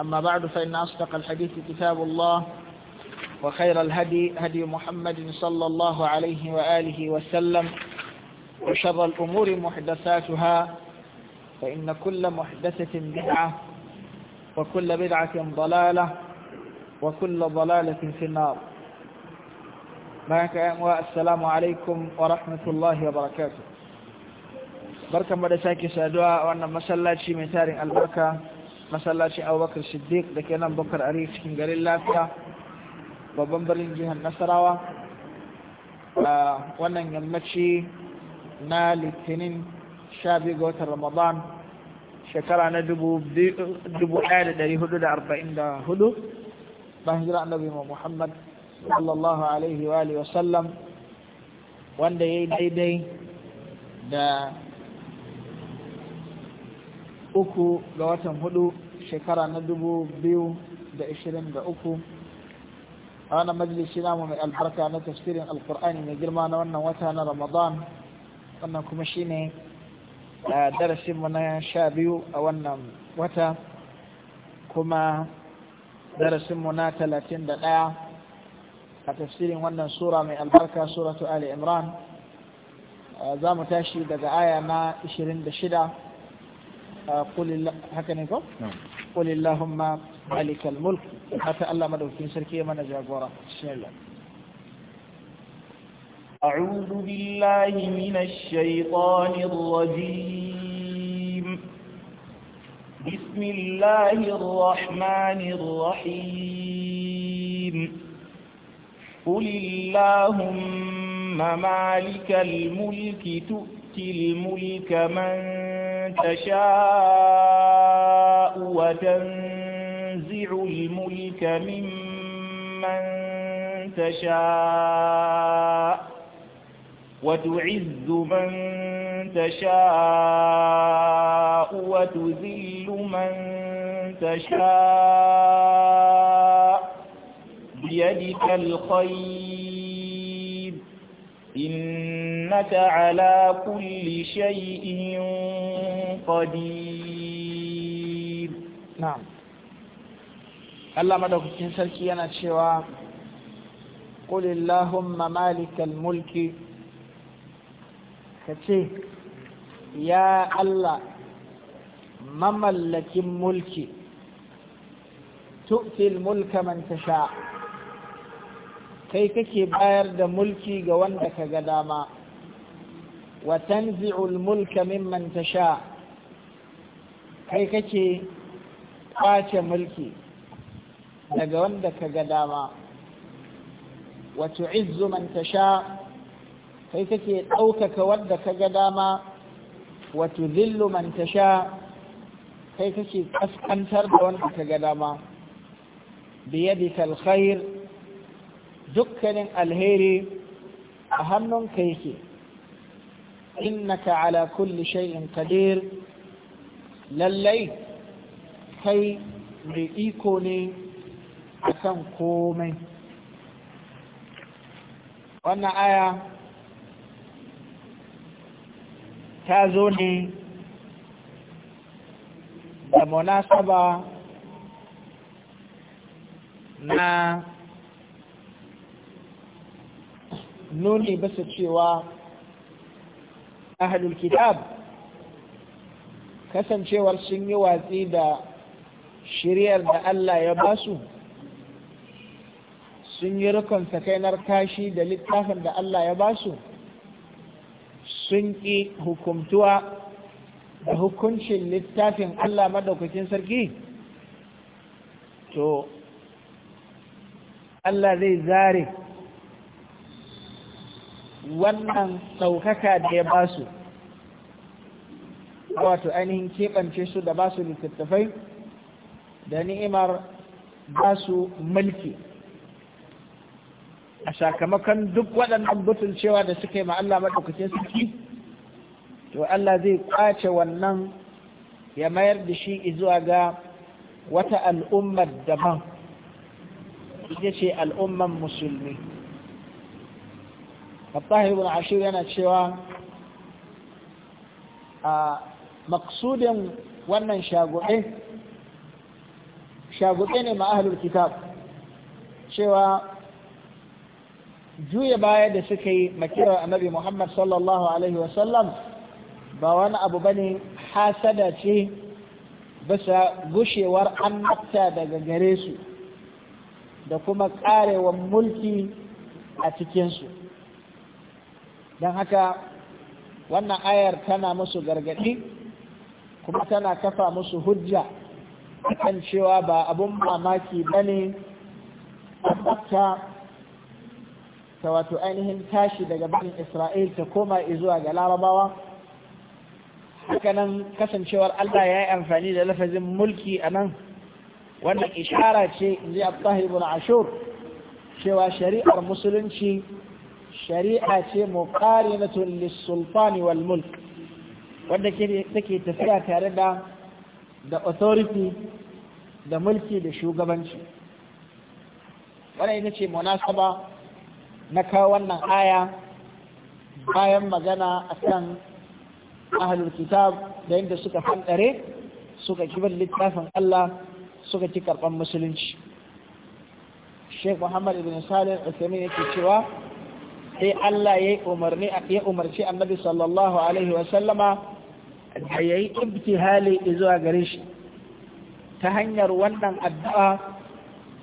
أما بعد فإن أصدق الحديث كتاب الله وخير الهدي هدي محمد صلى الله عليه وآله وسلم وشر الأمور محدثاتها فإن كل محدثة بدعة وكل بدعة ضلالة وكل ضلالة في النار السلام عليكم ورحمة الله وبركاته بركة مدساكي سادوا وأن مسلاتي من تارين البركة masallaci abubakar siddiq da ke nan bakar ari cikin garin lafiya babban birnin jihar nasarawa a wannan yammaci na litinin sha biyu ga watan ramadan shekara na dubu ɗaya da ɗari hudu da arba'in da hudu ban hijira annabi muhammad sallallahu alaihi wa alihi wasallam wanda ya yi daidai da uku ga watan hudu shekara na dubu biyu da ishirin da uku a wannan majalisi namu mai albarka na tafsirin alkur'ani mai girma na wannan wata na ramadan wannan kuma shine darasin mu na sha biyu a wannan wata kuma darasin mu na talatin da ɗaya a tafsirin wannan sura mai albarka suratu ali imran za mu tashi daga aya na 26 قل الله هكذا قل اللهم مالك الملك حتى الله مدوكين سركي من جاغورا بسم الله أعوذ بالله من الشيطان الرجيم بسم الله الرحمن الرحيم قل اللهم مالك الملك تؤتي الملك من تشاء وتنزع الملك ممن تشاء وتعز من تشاء وتذل من تشاء بيدك الخير innaka ala kulli shay'in qadir na'am Allah madaukakin sarki yana cewa qul illahumma malikal mulki kace ya Allah mamallakin mulki tu'til mulka man tasha kai kake bayar da mulki ga wanda ka ga dama وتنزع الملك ممن تشاء kai kake kwace mulki daga wanda ka ga dama wa tu'izzu man tasha kai kake ɗaukaka wanda ka ga dama wa zillu man tasha kai kake ƙasƙantar da wanda ka ga dama biyadika alkhair dukkanin alheri a hannunka yake innaka ala kulli shay'in qadir lallai kai mai iko ne akan komai wannan aya ta zo ne da munasaba na nuni bisa cewa ahlul kitab kasancewar sun yi watsi da shiryar da Allah ya su, sun yi rukun sakainar kashi da littafin da Allah ya basu sun ƙi hukumtuwa da hukuncin littafin Allah madaukakin sarki to Allah zai zare wannan saukaka da ya ba su wato ainihin keɓance su da ba su littattafai da ni'imar ba su mulki a sakamakon duk waɗannan cewa da suka yi ma maɗaukacin sarki to Allah zai ƙwace wannan ya mayar da shi izuwa ga wata al'ummar daban ita ce al'ummar musulmi fattahi ibn ashir yana cewa a maksudin wannan shaguɗe shaguɗe ne ma ahlul kitab cewa juya baya da suka yi makirar annabi Muhammad sallallahu Alaihi wa sallam, ba wani abu bane hasada ce bisa gushewar annabta daga gare su da kuma ƙarewar mulki a cikinsu don haka wannan ayar tana musu gargaɗi kuma tana kafa musu hujja kan cewa ba abun mamaki ba ne ta wato ainihin tashi daga barin isra'il ta koma zuwa ga larabawa hakanan kasancewar allah ya yi amfani da lafazin mulki a nan wannan ishara ce in abu ibn ashur cewa shari'ar musulunci shari'a ce muqarinatun lis-sultani wal mulk wanda take tafiya tare da da authority da mulki da shugabanci wannan ita ce munasaba na kawo wannan aya bayan magana akan ahlul kitab da yadda suka fandare suka kibar littafin Allah suka ki karban musulunci Sheikh Muhammad ibn Salih Al-Uthaymeen yake cewa sai Allah ya umarni ya umarci annabi sallallahu alaihi wa sallama da yayi ibtihali zuwa gare shi ta hanyar wannan addu'a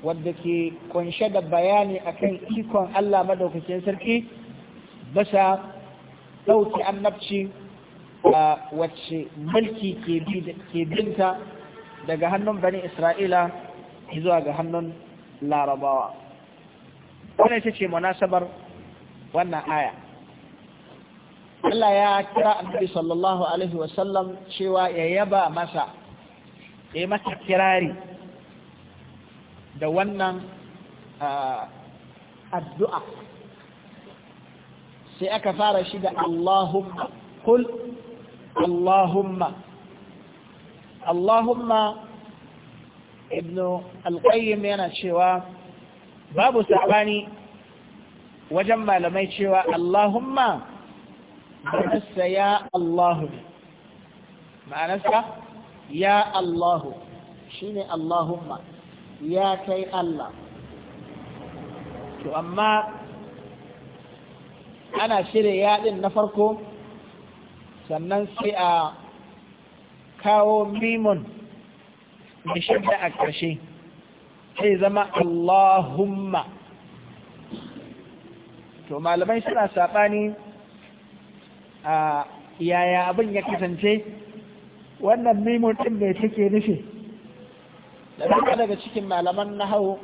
wadda ke kunshe da bayani akan ikon Allah madaukakin sarki basa dauki annabci a wacce mulki ke binta daga hannun bani isra'ila zuwa ga hannun larabawa wannan ita ce munasabar wannan aya Allah ya kira annabi sallallahu alaihi wasallam cewa ya yaba masa ya mata kirari da wannan addu'a sai aka fara shi da Allahumma kul Allahumma Allahumma ibn al yana cewa babu saɓani wajen malamai cewa Allahumma ma'anarsa ya Allahu ma'anarsa ya Allahu shi ne Allahumma ya kai Allah to amma ana shirya yaɗin na farko sannan sai a kawo mimun da shidda a ƙarshe sai zama Allahumma to malamai suna saɓani a yaya abin ya kasance wannan mimun ɗin mai take nufi da duka daga cikin malaman na hau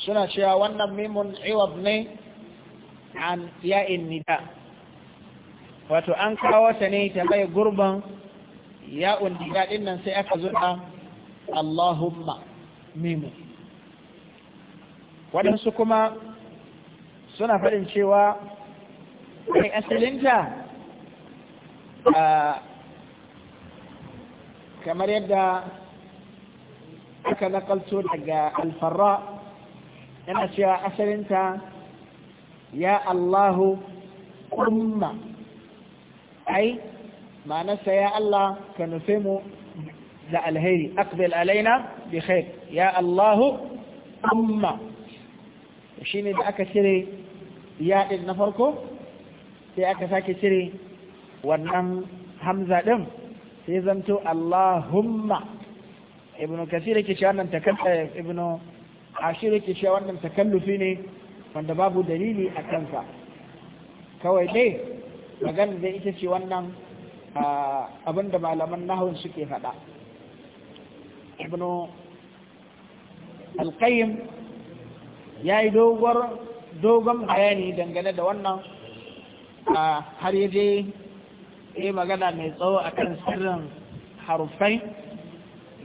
suna cewa wannan mimun iwab ne an ya'in nida wato an kawo ta ne ta bai gurban ya'un nida ɗin nan sai aka zuɗa Allahumma mimun waɗansu kuma suna faɗin cewa kai asalinta kamar yadda aka nakalto daga alfarra yana cewa asalinta ya Allahu umma ai ma'anarsa ya Allah ka nufe mu da alheri akbil alaina bi khair ya Allahu umma shine da aka cire Yaɗin na farko sai aka sake cire wannan hamza ɗin sai zanto Allahumma ibnu kasira ke wannan takalla eh, ibnu ashir cewa wannan takallufi ne wanda babu dalili a kansa kawai dai magana zai ita ce wannan abinda malaman nahun suke faɗa ibnu alqayyim ya yi doguwar dogon bayani dangane da wannan har ya je yi magana mai tsawo a kan sirrin harufai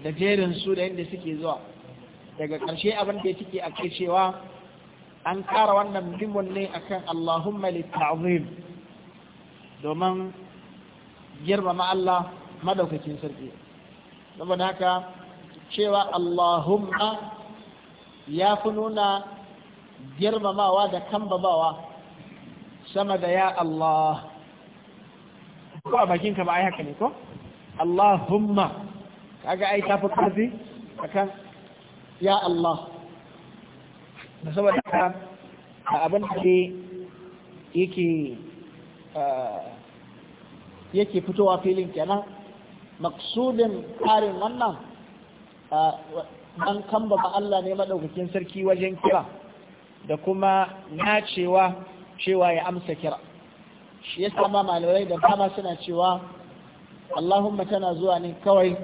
da jerin su da yadda suke zuwa daga ƙarshe abin da suke a cewa an ƙara wannan muhimmin ne akan Allahumma litta'zim domin girmama Allah madaukakin sarki saboda haka cewa Allahumma ya fi nuna girmamawa da kambamawa sama da ya Allah ko a bakinka ba a yi haka ne ko Allahumma kaga ai tafi karfi akan ya Allah da saboda haka abin da yake eh, yake fitowa filin kenan maksudin ƙarin wannan eh, an kamba ba Allah ne maɗaukakin sarki wajen kira da kuma nacewa cewa ya amsa kira shi ya sama malamai da kama suna cewa Allahumma tana zuwa ne kawai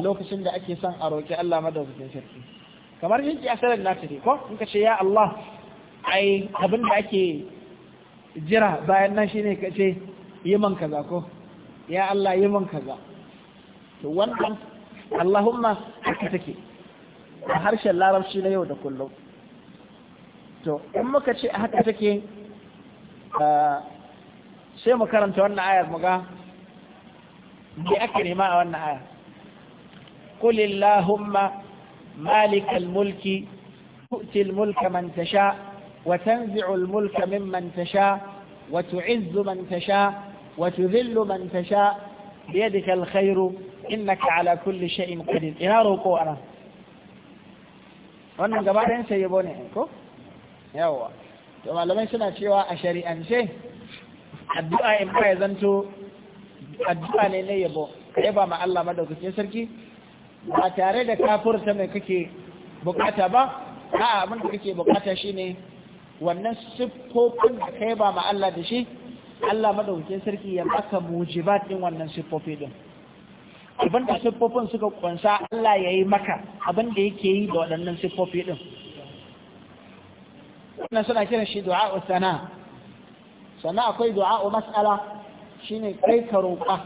lokacin da ake son a roƙi Allah madaukakin sarki kamar yin asalin nata ne ko in ka ce ya Allah ai abin da ake jira bayan nan shine ka ce yi man kaza ko ya Allah yi man kaza to wannan Allahumma haka take a harshen larabci na yau da kullum to in muka ce haka take sai mu karanta wannan ayar mu ga me ake nema a wannan ayar kulillahuma illahumma malikal mulki tu'ti al-mulka man tasha wa tanzi'u al-mulka mimman tasha wa tu'izzu man tasha wa tudhillu man tasha biyadika innaka ala kulli shay'in qadir ina roko ana wannan gaba ɗayan sai yabo ne yawa to malamai suna cewa a shari'ance addu'a in ba ya zanto addu'a ne na yabo kai ba ma Allah madaukakin sarki ba tare da kafurta mai kake bukata ba a abin da kake bukata shine wannan siffofin da kai ba ma Allah da shi Allah madaukakin sarki ya baka mujibat din wannan siffofi din abin da siffofin suka kunsa Allah yayi maka abin da yake yi da waɗannan siffofi din wannan suna kiran shi du'a sana sannan akwai du'a mas'ala shine kai ka roƙa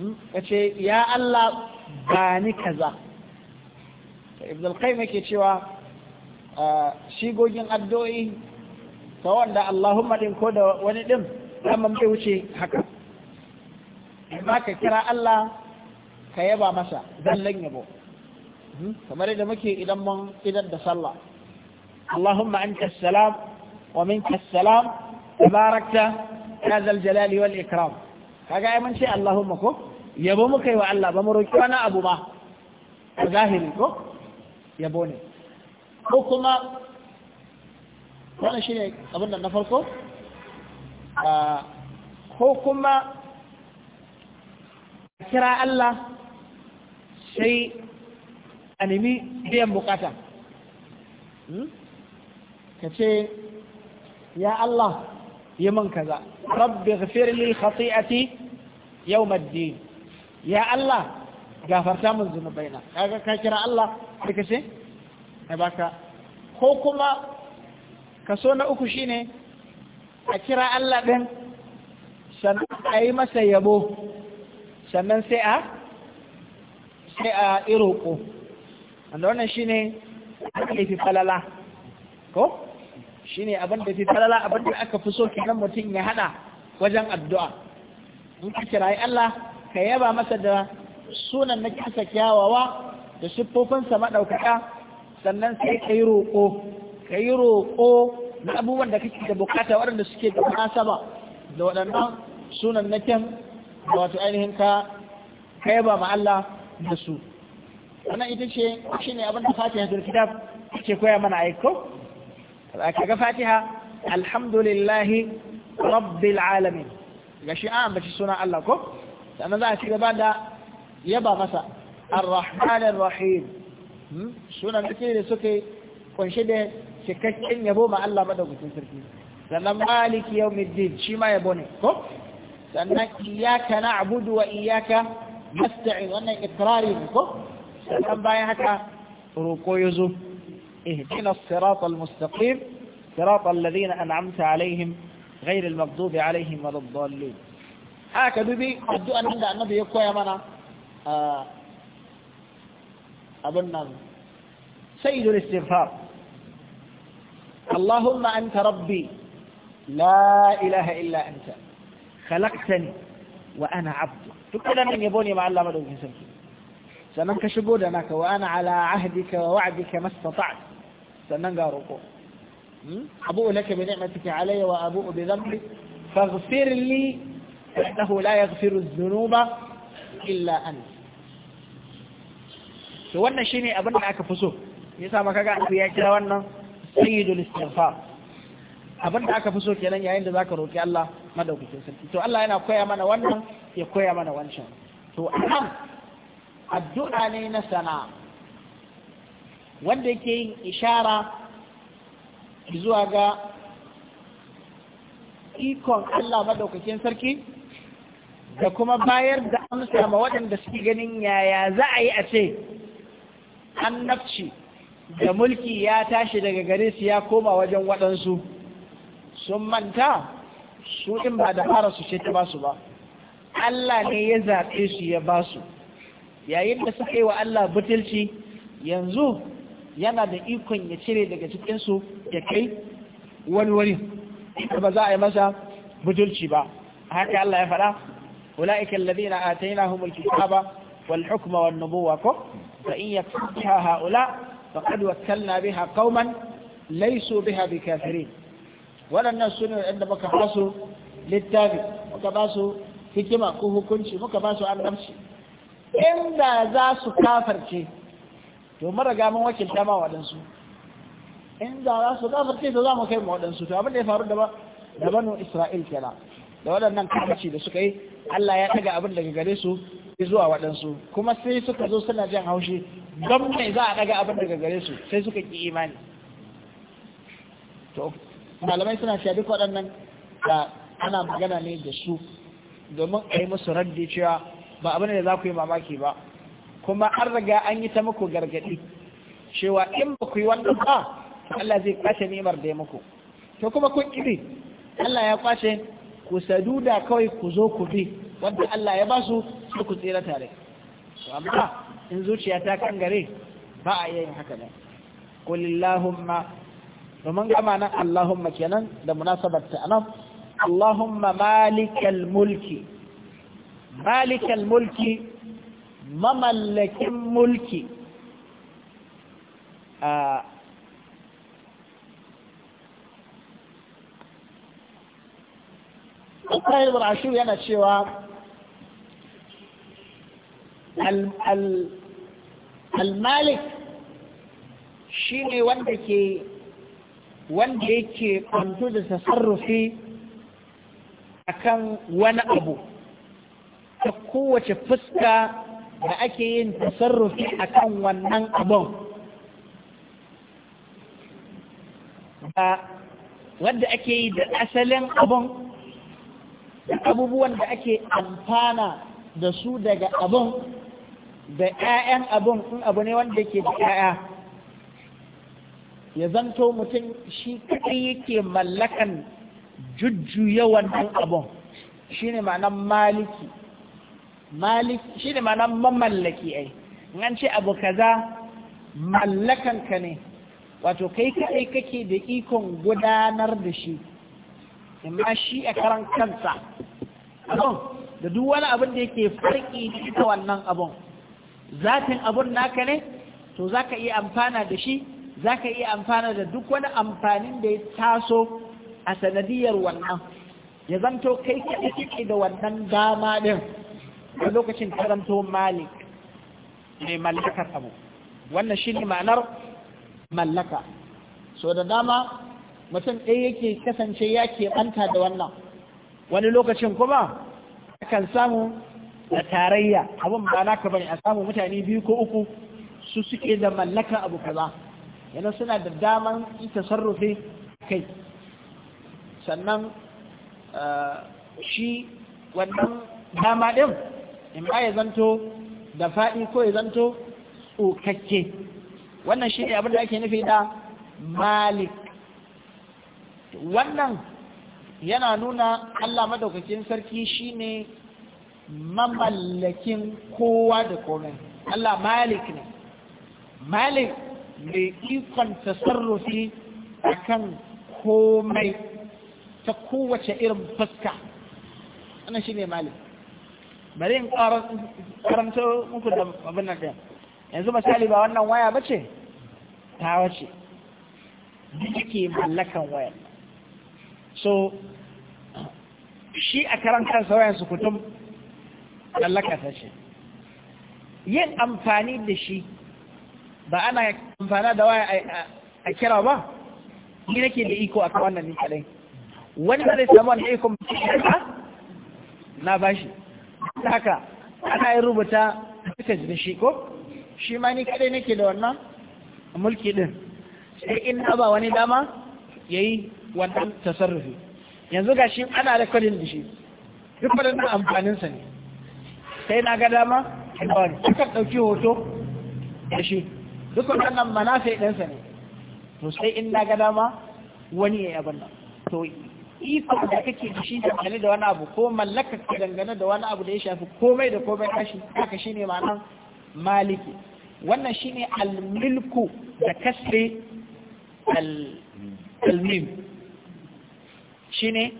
hmm? ka ce ya Allah ba ni kaza ibn al-qayyim yake cewa shigogin addu'o'i ta wanda Allahumma din ko da wani din amma bai wuce haka amma ka kira Allah ka yaba masa zallan yabo hmm? kamar yadda muke idan mun idan da sallah اللهم أنت السلام ومنك السلام تباركت يا الجلال والإكرام kaga mun ce Allahumma ko yabo muka wa Allah ba mu wani abu ba a zahiri ko yabo ko kuma wannan shine da na farko ko kuma kira Allah sai a biyan bukata ka ce ya Allah yi min kaza rabbi ghafir li khati'ati yawm ad-din ya Allah gafarta min zunubaina kaga ka kira Allah sai ka ce ai baka ko kuma kaso na uku shine a kira Allah din sannan a yi masa yabo sannan sai a sai a iroko wanda wannan shine ake fi falala ko ne abin da fi falala abin da aka fi so kenan mutum ya hada wajen addu'a in ka yi Allah ka yaba masa da sunan na kisa kyawawa da siffofinsa maɗaukaka sannan sai ka yi roƙo ka yi roƙo na abubuwan da kake da bukata waɗanda suke da kuma sama, da waɗannan sunan na kyan da wato ainihin ka ka yaba ma Allah da su wannan ita ce shi ne abin da fatihatul kitab ke koya mana aiko kaga fatiha alhamdulillahi rabbil alamin gashi an bashi suna Allah ko sannan za a ci gaba da yaba masa ar-rahman ar-rahim hmm? sunan da suke kunshe da cikakken yabo ma Allah madaukakin sarki sannan maliki yawmiddin shi ma yabo ne ko sannan iyyaka na'budu wa iyyaka nasta'in wannan ikrari ko sannan bayan haka roko yazo اهدنا الصراط المستقيم صراط الذين أنعمت عليهم غير المغضوب عليهم ولا الضالين هكذا بي أدو أن عند النبي يقوى يمنى آه، اظن سيد الاستغفار اللهم أنت ربي لا إله إلا أنت خلقتني وأنا عبدك تقول أن يبوني مع الله مدوك سمك شبودناك وأنا على عهدك ووعدك ما استطعت sannan ga roƙo hmm? abu'u laka bi ni'matika alayya wa abu'u bi dhanbi faghfir li innahu la yaghfiru dhunuba illa anta to wannan shine abin da aka fi so yasa maka ga abu ya kira wannan sayyidul istighfar abin da aka fi so kenan yayin da zaka roki Allah madaukakin sarki to Allah yana koya mana wannan ya koya mana wancan to anan addu'a ne na sana'a wanda yake yin ishara zuwa ga ikon Allah madaukakin sarki da kuma bayar da amsa ma waɗanda suke ganin yaya za a yi a ce annabci da mulki ya tashi daga gare su ya koma wajen waɗansu sun manta su in ba da fara su ce ta basu ba Allah ne ya zaɓe su ya basu yayin da suka yi wa Allah butulci yanzu yana da ikon ya cire daga cikinsu ya kai wani wani ba za a yi masa bujulci ba haka Allah ya fada ula'ika alladhina atainahum alkitaba wal hukma wan nubuwa ko fa in yakfa haula faqad wakkalna biha qauman laysu biha bikafirin wala nan sunu inda baka fasu littafi baka basu hikima ko hukunci baka basu annabci inda za su kafarce to mara riga mun wakilta ma waɗansu in za su gafarce su za mu kai ma waɗansu to abin da ya faru da banu isra'il kenan da waɗannan kamaci da suka yi Allah ya ɗaga abin daga gare su zuwa waɗansu kuma sai suka zo suna jin haushi don mai za a ɗaga abin daga gare su sai suka ƙi imani to malamai suna cewa duk waɗannan da ana magana ne da su domin a yi musu raddi cewa ba abin da za ku yi mamaki ba kuma an riga an yi ta muku gargaɗi cewa in ba ku yi wannan ba Allah zai kwashe ni'imar da ya muku to kuma kun ƙi Allah ya kwashe ku saduda kawai ku zo ku bi wanda Allah ya ba su sai ku tsira tare to amma in zuciya ta kangare ba a yin haka ne qul allahumma domin gama nan allahumma kenan da munasabar ta anan allahumma malikal mulki malikal mulki mamallakin mulki a ƙasar yana cewa al-malik shi ne wanda ke wanda yake kwanto da tasarrufi akan wani abu ta kowace fuska da ake yin tasarrufi kan wannan abun ba wadda ake yi da asalin abun da abubuwan da ake amfana da su daga abun da 'ya'yan abun in abu ne wanda ke da 'ya'ya ya zanto mutum shi kaɗai yake mallakan jujjuya wannan abun shine ma'anan maliki malik shi ne mana mamallaki ai an ce abu kaza mallakanka ne wato kai kaɗai kake da ikon gudanar da shi amma shi a karan kansa abun da duk wani abin da yake farki da wannan abun zatin abun naka ne to zaka iya amfana da shi za ka iya amfana da duk wani amfanin da ya taso a sanadiyar wannan ya zanto kai kai kake da wannan dama din. Wani lokacin taranto malik mai mallakar abu wannan shi ne ma'anar mallaka so da dama mutum ɗaya yake kasance ya keɓanta da wannan wani lokacin kuma akan samu da tarayya abin ba ka bane a samu mutane biyu ko uku su suke da mallaka abu kaza yana suna da daman ita sarrufe kai sannan eh, shi wannan dama ɗin in ba ya zanto da faɗi ko ya zanto tsokakke wannan shi ne abin da ake nufi da malik wannan yana nuna Allah madaukakin sarki shine mamallakin kowa da komai Allah malik ne malik mai ikon tasarrufi kan komai ta kowace irin fuska wannan shine malik bari in karanta muku da abin nan ɗin yanzu misali ba wannan waya ba ce ta wace duk ke mallakan waya. so shi a karanta sa wayan su kutum ta ce yin amfani da shi ba ana amfana da waya a kira ba ni nake da iko a kawannan ne ni kadai wani zai samu wani ikon na bashi haka ana yi rubuta da shi ko shi ma ni kadai nake da wannan mulki din sai in ba wani dama yayi wannan tasarrufi yanzu ga shi ana rekodin da shi duk wadannan sa ne sai na ga dama wani sukan dauki hoto da shi duk wadannan manasa ɗansa ne to sai in na ga dama wani ya yi abin nan to iko da kake da shi dangane da wani abu ko mallaka ka dangane da wani abu da ya shafi komai da komai kashi haka shine ma'anar maliki wannan shine al-milku da kasri al-mim shine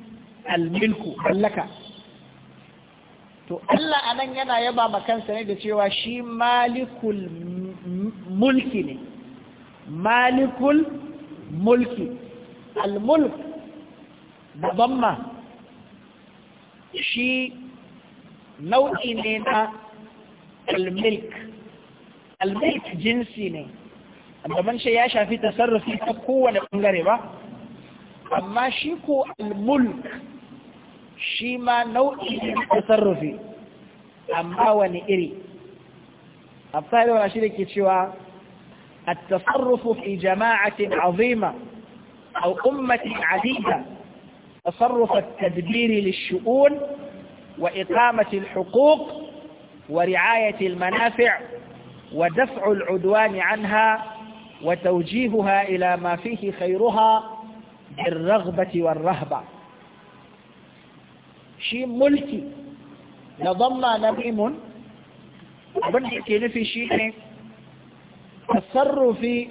al-milku mallaka to Allah anan yana yaba ma kansa ne da cewa shi malikul mulki ne malikul mulki al-mulk da shi nau'i ne na almilk almilk jinsi ne daban shi ya shafi tasarrufi ta kowane bangare ba amma shi ko almulk shi ma nau'i ne na tasarrufi amma wani iri a tsarewa shi da ke cewa التصرف في جماعة عظيمة أو أمة عديدة تصرف التدبير للشؤون وإقامة الحقوق ورعاية المنافع ودفع العدوان عنها وتوجيهها إلى ما فيه خيرها بالرغبة والرهبة شيء ملكي نظمنا نبيم وبنحكي nufi shi تصرفي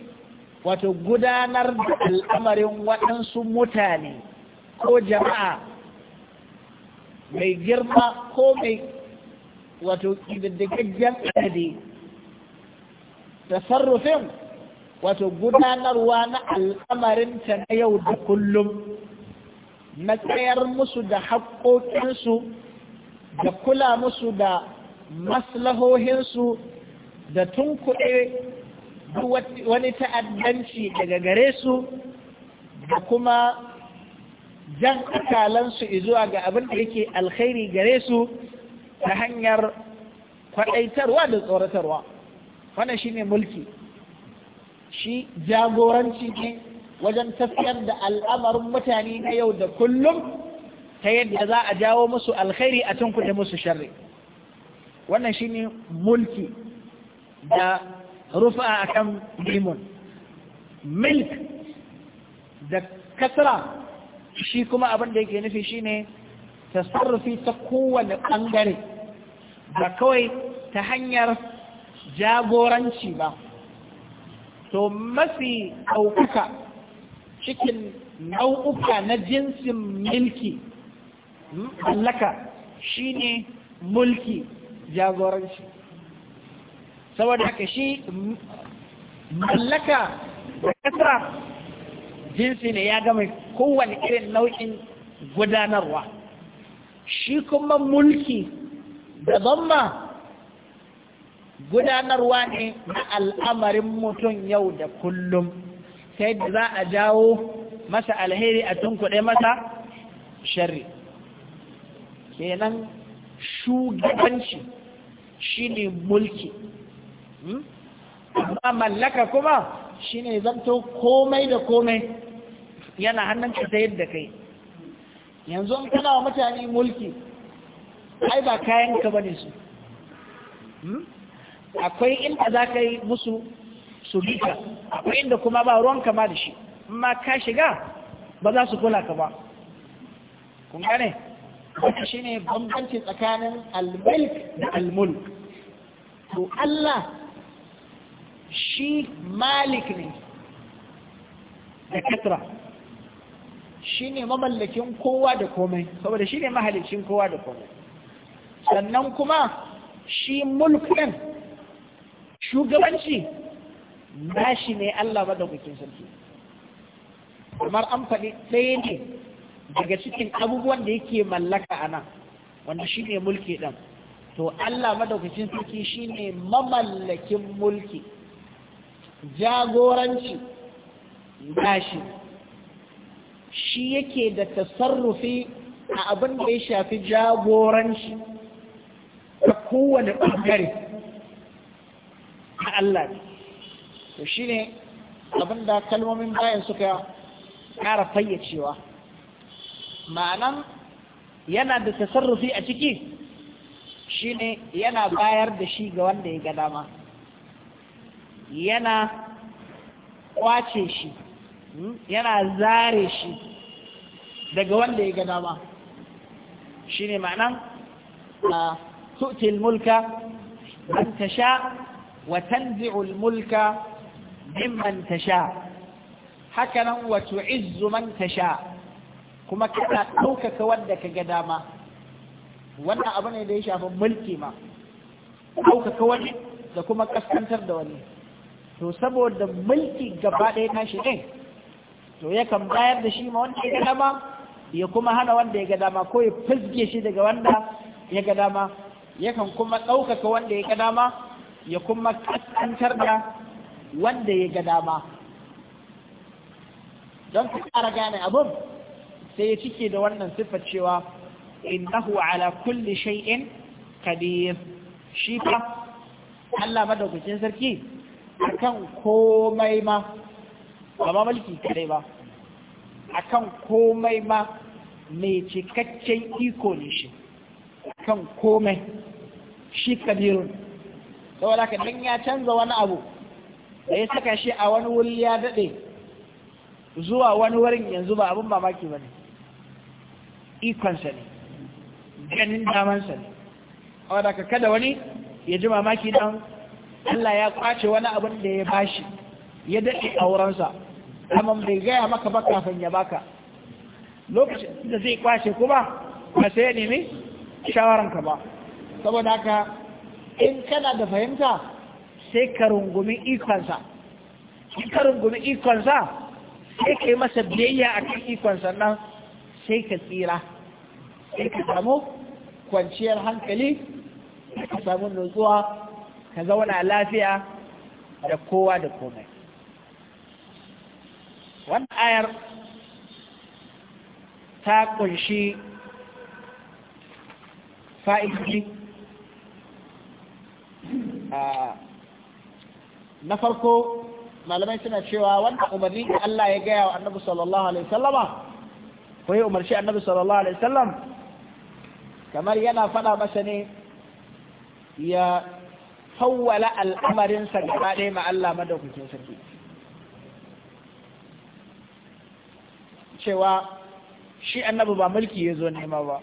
tasarrufi wato الأمر وأنس متاني ko jama'a mai girma ko mai wato ƙididdigaggen adadi tasarrufin wato gudanarwa na al'amarinta na yau da kullum na tsayar musu da haƙoƙinsu da kula musu da maslahohinsu da tunkuɗe wani ta'addanci daga gare su da kuma jan akalansu izuwa ga abin da yake alkhairi gare su ta hanyar kwaɗaitarwa da tsoratarwa wannan ne mulki shi jagoranci ne wajen tafiyar da al'amarin mutane na yau da kullum ta yadda za a jawo musu alkhairi a tun kuɗe musu sharri wannan shine mulki da rufa akan limun milk da kasra shi kuma abin da yake nufi shine tasarrufi ta kowane ɓangare ba kawai ta hanyar jagoranci ba to mafi ɗaukaka cikin nau'uka na jinsin milki hmm, mallaka shine mulki jagoranci saboda haka shi hmm, mallaka da ƙasa. jinsi ne ya gama kowane irin nau'in gudanarwa shi kuma mulki daban zamma gudanarwa ne na al'amarin mutum yau da kullum sai da za a jawo masa alheri a tunkuɗe masa shari kenan shugabanci shi ne mulki hmm? amma mallaka kuma shi ne zanto komai da komai yana ka ta yadda kai yanzu an kana wa mutane mulki ai ba kayanka ba ne su hmm? akwai inda za ka yi musu su bika akwai inda kuma ba ruwan kama da shi amma ka shiga ba za su kula ka ba kun gane wata shi ne bambanci tsakanin almulk da almulk to Allah shi malik ne da katra shine mamallakin kowa da komai saboda shine mahalicin kowa da komai sannan kuma shi mulkin shugabanci nashi ne Allah madaukakin sarki kamar an faɗi ɗaya ne daga cikin abubuwan da yake mallaka a nan wanda shi ne mulki ɗin to Allah madaukacin sarki shi ne mamallakin mulki jagoranci nashi shi yake da tasarrufi a abin da ya shafi jagoranci a kowane ɓangare a Allah to shi ne abin da kalmomin bayan suka ƙara fayyacewa ma'anan yana da tasarrufi a ciki shi ne yana bayar da shi ga wanda ya ga dama yana kwace shi hmm? yana zare shi daga wanda ya ga dama shine ma'anan tu'ti mulka man tasha watan zi'ul mulka mimman tasha haka nan wa tu'izzu man tasha kuma kana ɗaukaka wanda ka ga dama wannan abu ne da ya shafi mulki ma ɗaukaka wani da kuma ƙaskantar da wani to saboda mulki gaba ɗaya tashi ne to yakan bayar da shi ma wanda ya ga dama ya kuma hana wanda ya ga dama ko ya fizge shi daga wanda ya ga dama ya kan kuma ɗaukaka wanda ya ga dama ya kuma kaskantar da wanda ya ga dama don ka ƙara gane abin sai ya cike da wannan siffar cewa innahu ala kulli shay'in kadir shi fa Allah madaukakin sarki akan komai ma ba ma mulki kadai ba A kan komai ma mai cikakken iko ne shi kan komai shi Kabiru. saboda ka dan ya canza wani abu da ya saka shi a wani wuri ya daɗe zuwa wani wurin yanzu ba abin mamaki ba ne ikonsa ne ganin damansa ne saboda ka kada wani ya ji mamaki don Allah ya kwace wani abin da ya bashi ya daɗe aurensa amma bai gaya maka ba kafin ya baka lokacin da zai kwashe kuma ba sai ya nemi shawaranka ba saboda haka in kana da fahimta sai ka rungumi ikonsa in ka rungumi ikonsa sai ka yi masa biyayya a kan ikonsa nan sai ka tsira sai ka samu kwanciyar hankali ka samu nutsuwa ka zauna lafiya da kowa da komai wannan ayar ta kunshi fa'idoji na farko malamai suna cewa wanda umarni da Allah ya gaya wa annabi sallallahu alaihi sallama ko umarci annabi sallallahu alaihi sallam kamar yana faɗa masa ne ya hawwala al'amarinsa gaba ɗaya ma Allah madaukakin sarki cewa shi annabi ba mulki ya zo nema ba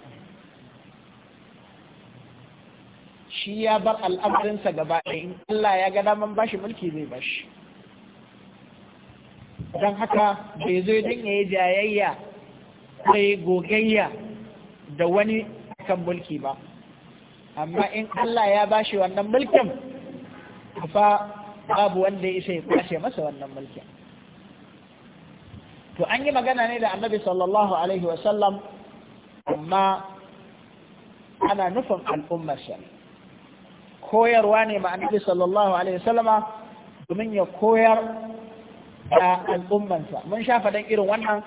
shi ya bar al'amarinsa gaba in Allah ya ga daman bashi mulki zai bashi don haka bai zo don ya yi jayayya yi gogayya da wani kan mulki ba amma in Allah ya bashi wannan mulkin fa babu wanda ya isa ya kwashe masa wannan mulkin to an yi magana ne da annabi sallallahu alaihi wasallam amma ana nufin al'ummarsa koyarwa ne ma annabi sallallahu alaihi wasallama domin ya koyar da al'ummansa mun shafa faɗan irin wannan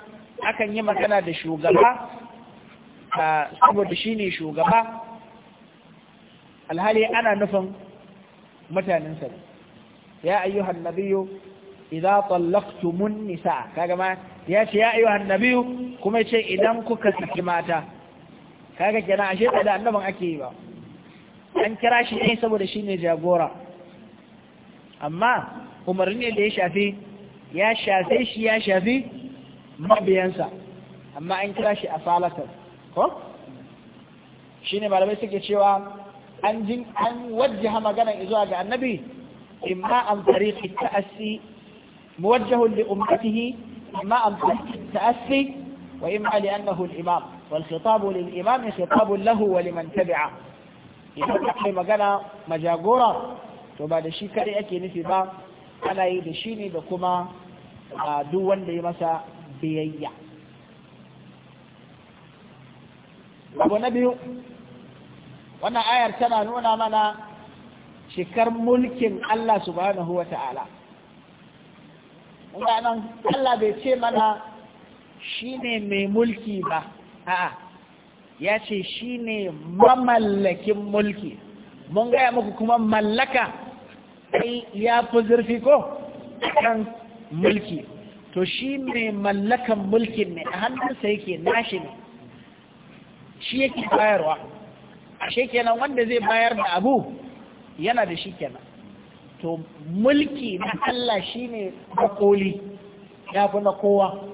akan yi magana da shugaba saboda shi ne shugaba alhali ana nufin mutanensa ya ayyuhan nabiyu idza tallaqtumun nisa kaga ma ya ce ya ayyuhan nabiyyu kuma ce idan kuka saki mata kaga kenan ashe da annaban ake ba an kira shi ne saboda shine jagora amma umarni da ya shafi ya shafe shi ya shafi mabiyansa amma an kira shi a salatar ko shine malamai suke cewa an jin an wajjaha magana zuwa ga annabi imma an tariqi ta'assi موجه لأمته إما عن طريق التأسي وإما لأنه الإمام والخطاب للإمام خطاب له ولمن تبعه إذا كان مجانا مجاغورا وبعد شيء كري أكي نفي با أنا يدشيني بكما دوان دي مسا بيئيا abu na biyu wannan ayar tana nuna mana shekar mulkin Allah subhanahu wa ta'ala kuma Allah bai ce mana shi ne mai mulki ba a'a ya ce shi ne mamallakin mulki mun gaya muku kuma mallaka ai ya fi zurfi ko kan mulki to shi mai mallakan mulkin ne a hannunsa yake nashi ne shi yake bayarwa ashe kenan wanda zai bayar da abu yana da shi kenan to mulki na Allah shi shine makoli ya fi na kowa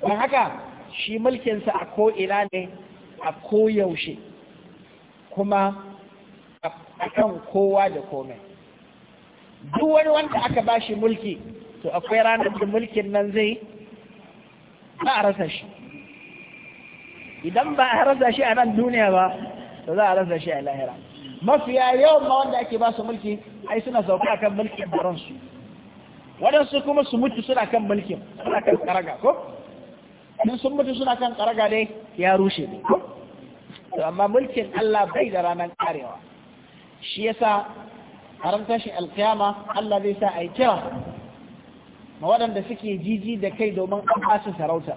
don haka shi mulkinsa a ko'ina ne a koyaushe kuma a kan kowa da komai duk wani wanda aka ba shi mulki to akwai ranar da mulkin nan zai ba a rasa shi idan ba a rasa shi a nan duniya ba to za a rasa shi a lahira mafiya yawan ma wanda ake ba su mulki ai suna sauka kan mulkin baron su waɗansu kuma su mutu suna kan mulkin suna kan karaga ko in sun mutu suna kan karaga dai ya rushe ne to amma mulkin Allah bai da ranar karewa shi yasa haram tashi alkiyama Allah zai sa ai kira ma waɗanda suke jiji da kai domin an ba su sarauta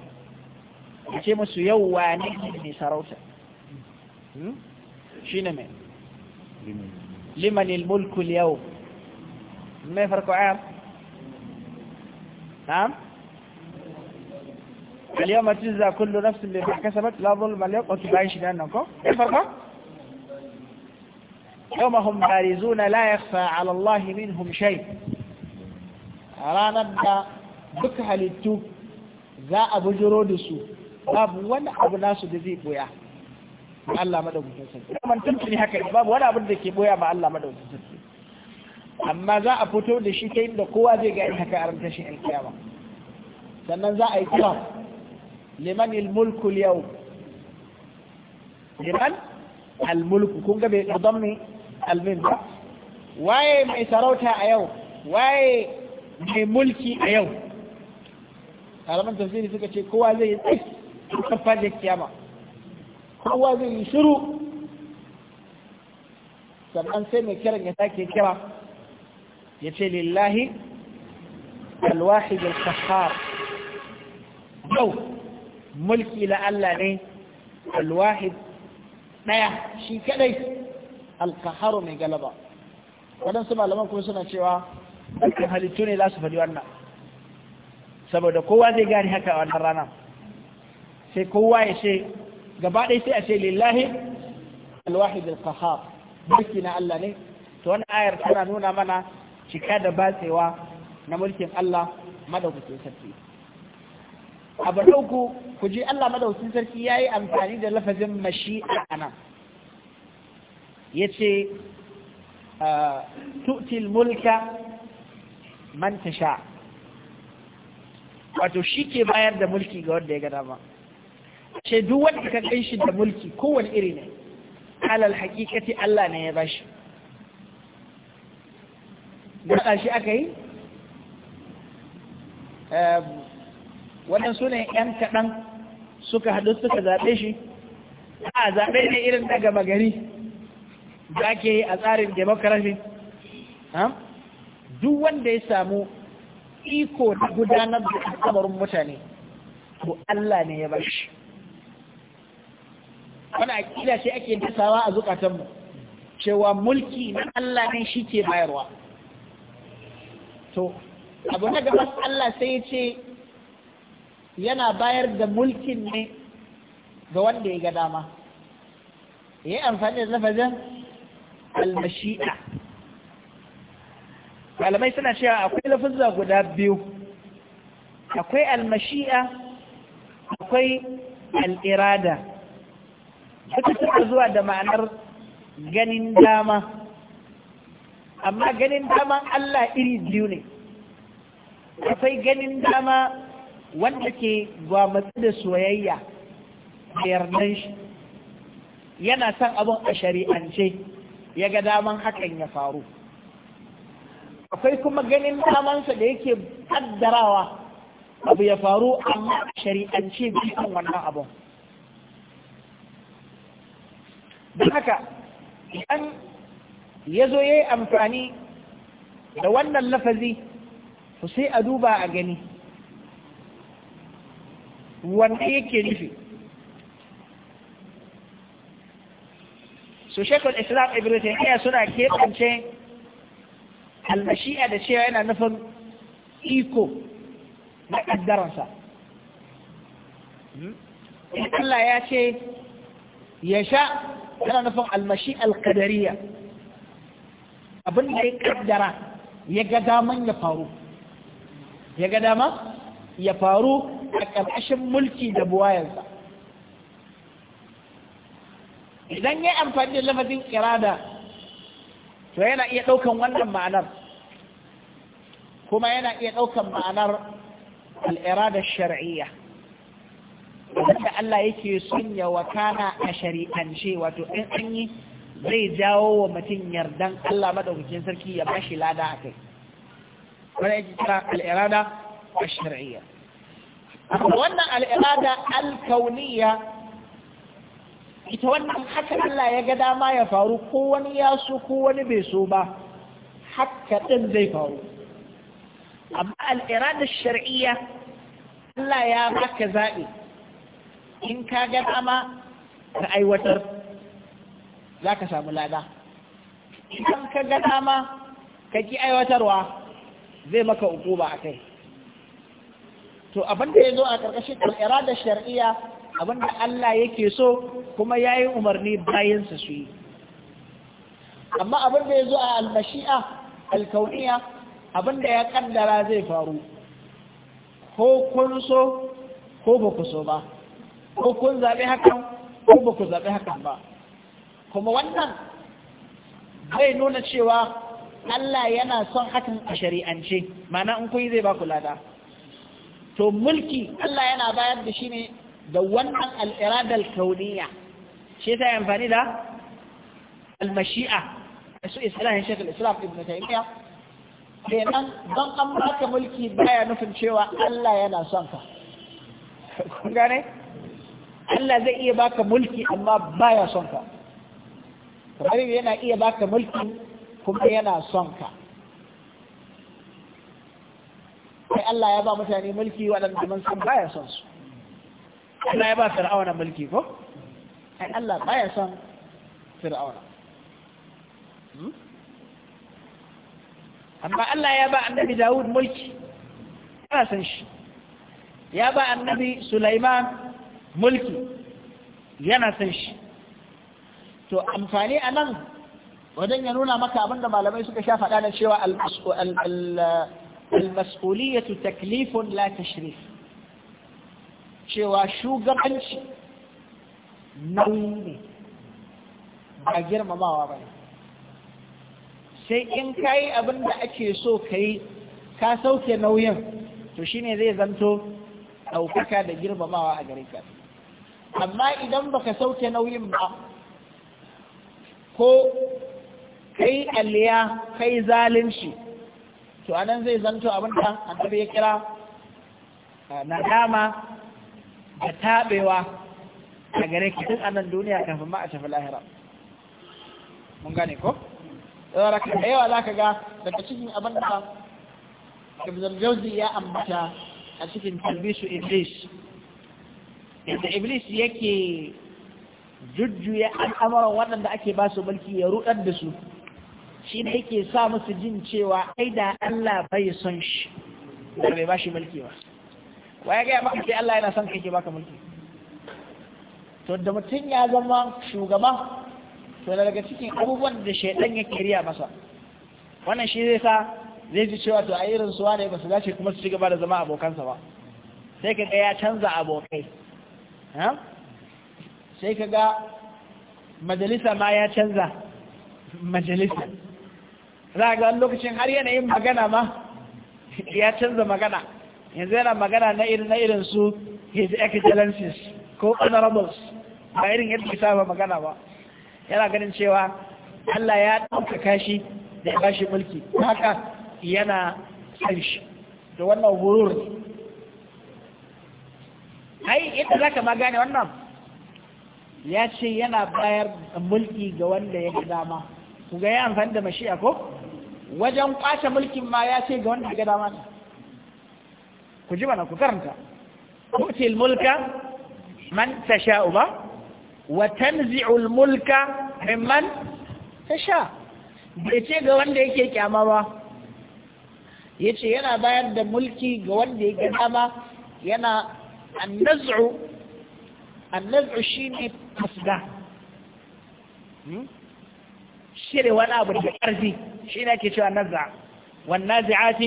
ce musu yau wane ne sarauta hmm? ne mai لمن الملك اليوم ما يفرق عام نعم اليوم تجزى كل نفس بما كسبت لا ظلم اليوم وتبعيش لأنكم يفرق يوم هم بارزون لا يخفى على الله منهم شيء رانا da بكها للتوب ذا أبو جرودسو أبو su أبو ناسو abu nasu ma Allah madaukakin sarki man tuntuni haka babu wani abin da ke boya ma Allah madaukakin sarki amma za a fito da shi ta inda kowa zai ga haka a rantar shi alkiyama sannan za a yi kuma liman ilmulku yau liman almulku kun ga bai ɗarɗon ne almin ba waye mai sarauta a yau waye mai mulki a yau kalaman tafsiri suka ce kowa zai yi tsaye kan fadin kiyama kowa zai yi shiru sannan sai mai kiran ya sake kira ya ce lillahi alwahid al yau mulki la ne alwahid daya shi kadai alkaharu mai galaba waɗansu malaman kuma suna cewa ɗaukin halittu ne za su faɗi wannan saboda kowa zai gani haka a wannan rana sai kowa ya ce gaba ɗaya sai a ce lillahi alwahid alqahar mulki na Allah ne to wannan ayar tana nuna mana cika da batsewa na mulkin Allah madaukakin sarki abu na uku ku ji Allah madaukakin sarki yayi amfani da lafazin mashi'a Ya ce ah, tutil mulka man sha. wato shi ke bayar da mulki ga wanda ya ga dama ce duk wanda ka gan shi da mulki kowane iri ne alal hakikati Allah ne ya bashi da shi aka yi ehm, waɗansu ne ‘yan kaɗan suka haɗu suka zaɓe shi a zaɓe ne irin daga magari da ke yi a tsarin demokarasi duk wanda ya samu iko da gudanar da al'amarin mutane to Allah ne ya bashi wani aƙida ce ake dasawa a zukatanmu cewa mulki na Allah ne shi ke bayarwa to abu na gabas Allah sai ya ce yana bayar da mulkin ne ga wanda ya ga dama ya yi amfani da lafazin almashi'a malamai suna cewa akwai lafazza guda biyu akwai almashi'a akwai al'irada duka suka zuwa da ma'anar ganin dama amma ganin daman Allah iri biyu ne akwai ganin dama wanda ke gwamatsu da soyayya da yardan shi yana son abin a shari'ance ya ga daman hakan ya faru akwai kuma ganin damansa da yake kaddarawa abu ya faru amma shari'ance kan wannan abin don haka idan ya zo ya yi amfani da wannan lafazi to sai a duba a gani wanda yake nufi su shekul islam ibn taymiya suna keɓance almashi'a da cewa yana nufin iko na ƙaddararsa hmm? Allah ya ce يشاء هنا نفهم المشيئة القدرية أبن لا يقدر يقدر من يفارو يقدر من يفارو أكبر عشم ملكي دبوايا إذن يأم فدي لفظين إرادة فهنا يقول كم وانا معنى كما هنا يقول كم معنى الإرادة الشرعية wanda Allah yake son wa wakana a shari'ance wato in an yi zai jawo wa mutum yardan Allah madaukakin sarki ya bashi lada a kai wanda yake kira al'irada a shari'a wannan al'irada alkauniya ita wannan haka Allah ya ga dama ya faru ko wani ya so ko wani bai so ba haka ɗin zai faru amma al'irada shari'a Allah ya baka zaɓi in ka ga dama ka aiwatar za ka samu lada idan ka ga dama ka ki aiwatarwa zai maka hukuma a kai to abin da ya zo a ƙarƙashin al'ira da shari'a abin da Allah yake so kuma ya yi umarni bayansa su yi amma abin da ya zo a almashi'a alkauniya abin da ya ƙaddara zai faru ko kun so ko ba ku so ba ko kun zaɓe hakan ko ba ku zaɓi hakan ba kuma wannan zai nuna cewa Allah yana son hakan a shari'ance mana in kun zai ba ku lada to mulki Allah yana bayar da shi ne da wannan al'iradar kauniya shi ta yi amfani da al-mashi'a su islahin shekul islam ibn taimiyya kenan don an baka mulki baya nufin cewa Allah yana son ka kun gane Allah zai iya baka mulki amma baya son ka kamar yana iya baka mulki kuma yana son ka sai Allah ya ba mutane mulki waɗanda man san baya son su Allah ya ba fir'auna mulki ko ai Allah baya son fir'auna amma Allah ya ba annabi Dawud mulki ana san shi ya ba annabi Sulaiman mulki yana san shi to amfani a nan wajen ya nuna maka abinda malamai suka sha faɗa na cewa almas'uliyatu taklifun la tashrif cewa shugabanci nauyi ne ba girmamawa ba ne sai in kayi abin da ake so ka yi ka sauke nauyin to shine zai zanto ɗaukaka da girmamawa a gare ka amma idan baka sauke nauyin ba ko kai aliya kai zalunci to anan zai zanto abin da annabi ya kira ah, nadama da tabewa a gare ki duk anan duniya kafin ma a tafi lahira mun gane ko da yawa za ka ga daga cikin abin da ibn jawzi ya ambata a cikin talbisu iblis yadda iblis yake jujjuya al'amuran waɗanda ake ba su mulki ya rudar da su shi ne yake sa musu jin cewa ai da Allah bai son shi da bai ba shi mulki ba waya ga maka sai Allah yana son kake baka mulki to da mutum ya zama shugaba to daga cikin abubuwan da shaidan ya kiriya masa wannan shi zai sa zai ji cewa to a irin suwa ne ba su dace kuma su ci gaba da zama abokansa ba sai ka ga ya canza abokai sai ka ga majalisa ma ya canza majalisa za ga lokacin har yanayin magana ma ya canza magana yanzu yana magana na irin na irin su his excellencies ko honorables ba irin yadda ya saba magana ba yana ganin cewa Allah ya ɗauka kashi da ya bashi mulki haka yana san da wannan wurur ai yadda zaka ma gane wannan ya ce yana bayar mulki ga wanda ya dama ku ga ya amfani da mashi'a ko wajen kwace mulkin ma ya ce ga wanda ya dama ne ku ji mana ku karanta tu'til mulka man tasha'u ba wa tanzi'ul mulka ta tasha bai ce ga wanda yake kyama ba ce yana bayar da mulki ga wanda ya dama yana النزع النزع شيني قصدا شيري ولا بدي أرضي شيني شو النزع والنازعات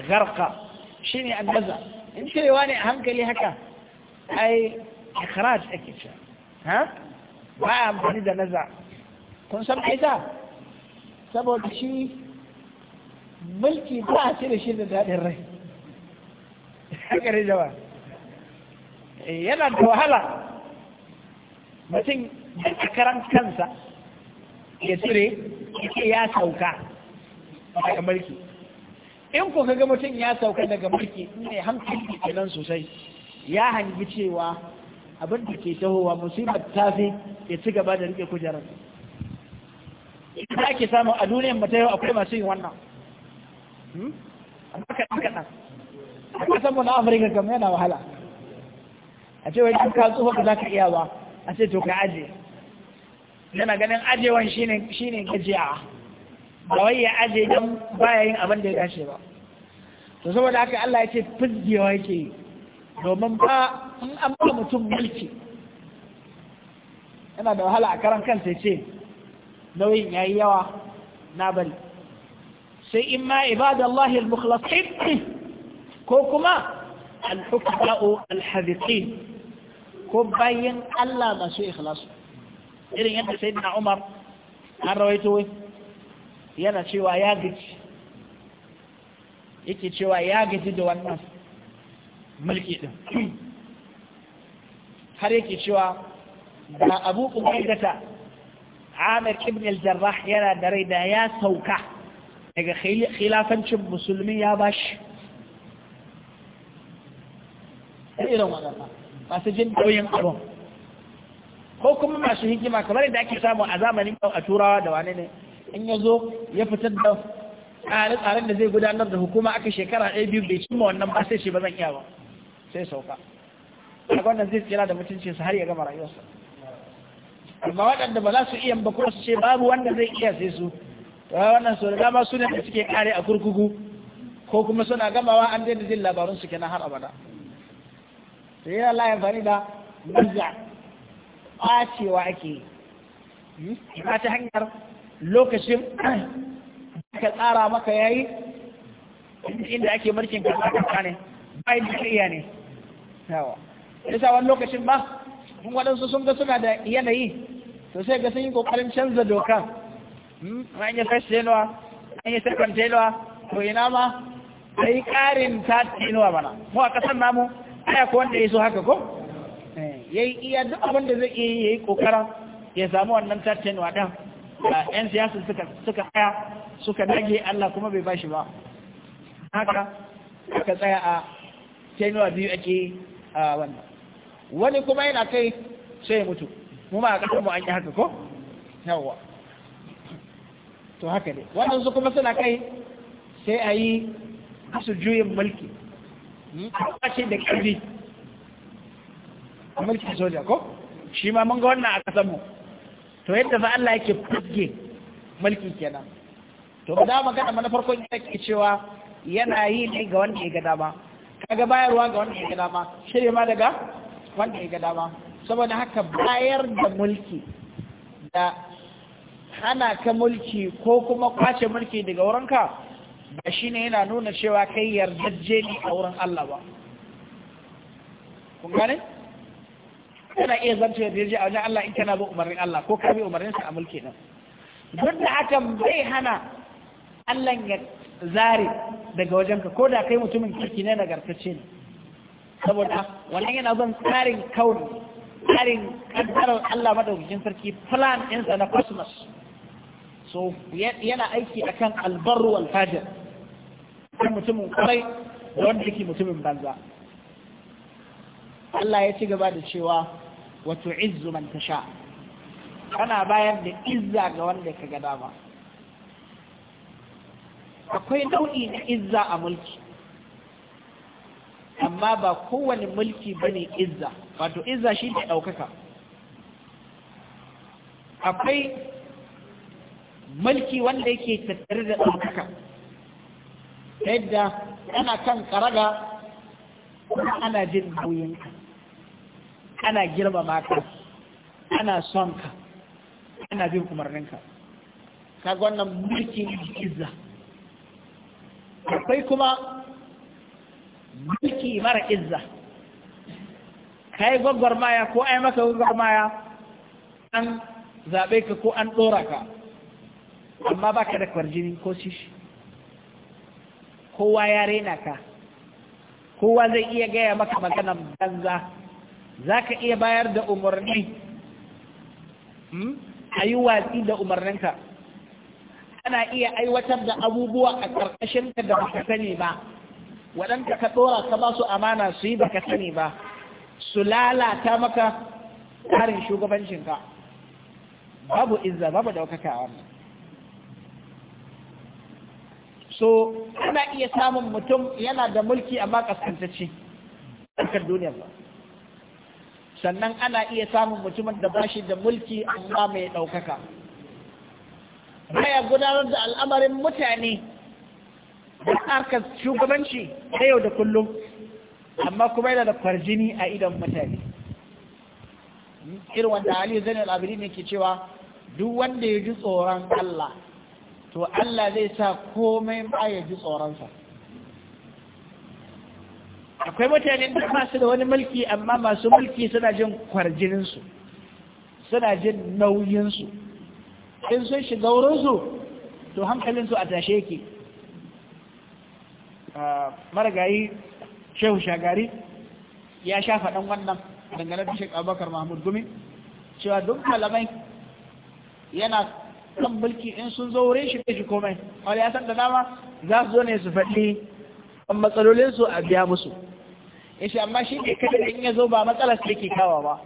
غرقة شيني النزع انت واني همك لي هكا اي اخراج اكيشا ها ما عم بنيدا نزع كن سمع ايسا سبب شي ملكي باعتني شيني ذا الرهي هكا رجوان Eh, yana da wahala mutum da karan kansa ya cire yake ya sauka daga mulki in ku ga mutum ya sauka daga mulki ne hankali nan sosai ya hangi cewa abin da ke tahowa musibar fi ya ci gaba da rike kujerar da ake samu a duniyar mata yau akwai masu yin wannan hmm? amma kaɗan kaɗan a ƙasar mu na afirka kamar yana wahala a ce wai ka tsufa ba za ka iya ba a ce to ka aje yana ganin ajewan shi ne gajiya ba wai ya aje don baya yin abin da ya dace ba to saboda haka Allah ya ce fizgewa yake domin ba in an ba mutum mulki yana da wahala a karan kansa ce nauyin ya yi yawa na bari sai in ma ibadallahi al-mukhlasin ko kuma al-hukma'u al-hadithin كوبايين الله ما سوء إخلاص إذن يند سيدنا عمر هرويتوه يلا شوى ياجج إتي شوى ياجج دو الناس ملكي دو هريكي شوى دا أبوك مهدة عامر ابن الجراح يلا دريدا يا سوكا إذا خلافا شب مسلمي يا باش إذن وغلقا masu jin ɗauyin abin ko kuma masu hikima kamar yadda ake samu a zamanin a turawa da wane ne in ya zo ya fitar da tsare-tsaren da zai gudanar da hukuma aka shekara ɗaya biyu bai cimma wannan ba sai shi ba zan iya ba sai sauka a wannan zai tsira da su har ya gama rayuwarsa amma waɗanda ba za su iya ba kuma su ce babu wanda zai iya sai su wannan sau da dama su ne da suke kare a kurkuku ko kuma suna gamawa an daina jin labarun su kenan har abada to yi Allah ya fari da nazza ɓacewa ake yi ba ta hanyar lokacin ka tsara maka yayi inda ake mulkin ka tsaka ne bai da iya ne yawa yasa wani lokacin ba in waɗansu sun ga suna da yanayi to sai ga sun yi kokarin canza doka hmm, an yi fashe tenuwa an yi second tenuwa to ina ma a yi ƙarin ta tenuwa mana mu a ƙasar namu aya ko wanda ya so haka ko ya yi iya duk abin da zai iya ya yi kokara ya samu wannan tattalin waɗan yan siyasa suka tsaya suka dage Allah kuma bai bashi ba haka suka tsaya a tenuwa biyu ake a wannan wani kuma yana kai sai mutu mu ma a ƙasar mu an yi haka ko yawwa to haka ne Wannan su kuma suna kai sai a yi su juyin mulki a kwashe da ƙarfi a mulkin soja ko shi ma mun ga wannan a kasanmu to yadda fa Allah yake fuske mulki kenan to ba za magana mana farkon ya ke cewa yana yi ne ga wanda ya ga dama kaga bayarwa ga wanda ya ga dama shirya ma daga wanda ya gada dama saboda haka bayar da mulki da hana ka mulki ko kuma kwace mulki daga wurinka ba shi ne yana nuna cewa kai yardajje ne a wurin Allah ba kun gane yana iya zanta yardajje a wajen Allah in kana bin umarnin Allah ko ka bi umarninsa a mulki nan duk da hakan bai hana Allah ya zare daga wajenka ko da kai mutumin kirki ne nagartacce ne saboda wannan yana zan tsarin kauni tsarin kaddarar Allah madaukakin sarki plan ɗinsa na cosmos so yana aiki akan albarru wal fajir kan mutumin kwarai da wanda yake mutumin banza Allah ya ci gaba da cewa wato izu man tasha kana bayar da izza ga wanda ka ga dama akwai nau'i na izza a mulki amma ba kowane mulki bane izza wato izza shi ne ɗaukaka akwai mulki wanda yake tattare da ɗaukaka ta yadda ana kan karaga kuma ana jin nauyinka ana girmama ka ana son ka ana bin umarninka kaga wannan mulki ne izza akwai kuma mulki mara izza ka yi gwagwarmaya ko ai maka gwagwarmaya an zaɓe ka ko an ɗora ka amma ba ka da kwarjini ko shishi kowa ya rena ka kowa zai iya gaya maka maganan banza za ka iya bayar da umarni hmm? a yi watsi da umarninka ana iya aiwatar da abubuwa a ƙarƙashinka da baka sani ba waɗanda ka ɗora ka ba su amana su yi baka sani ba su lalata maka tsarin shugabancinka babu izza babu daukaka wannan so ana iya samun mutum yana da mulki amma kaskantacce kan duniyar ba sannan ana iya samun mutumin da ba shi da mulki amma mai ɗaukaka baya gudanar da al'amarin mutane da harkar shugabanci na yau da kullum amma kuma yana da kwarjini a idon mutane irin wanda Ali Zainal Abidin yake cewa duk wanda ya ji tsoron Allah to Allah zai sa komai ma ya ji tsoronsa akwai mutane da masu da wani mulki amma masu mulki suna jin kwarjininsu suna jin nauyinsu in sun shiga wurinsu to hankalinsu a tashe yake ah, Maragayi shehu shagari ya sha faɗin wannan dangane da shek abubakar mahmud gumi cewa duk malamai yana kan mulki in sun zo wurin shi ji komai wani ya san da dama za su zo ne su faɗi kan matsalolin su a biya musu in shi amma shi ne kada in ya zo ba matsalar su ke kawo ba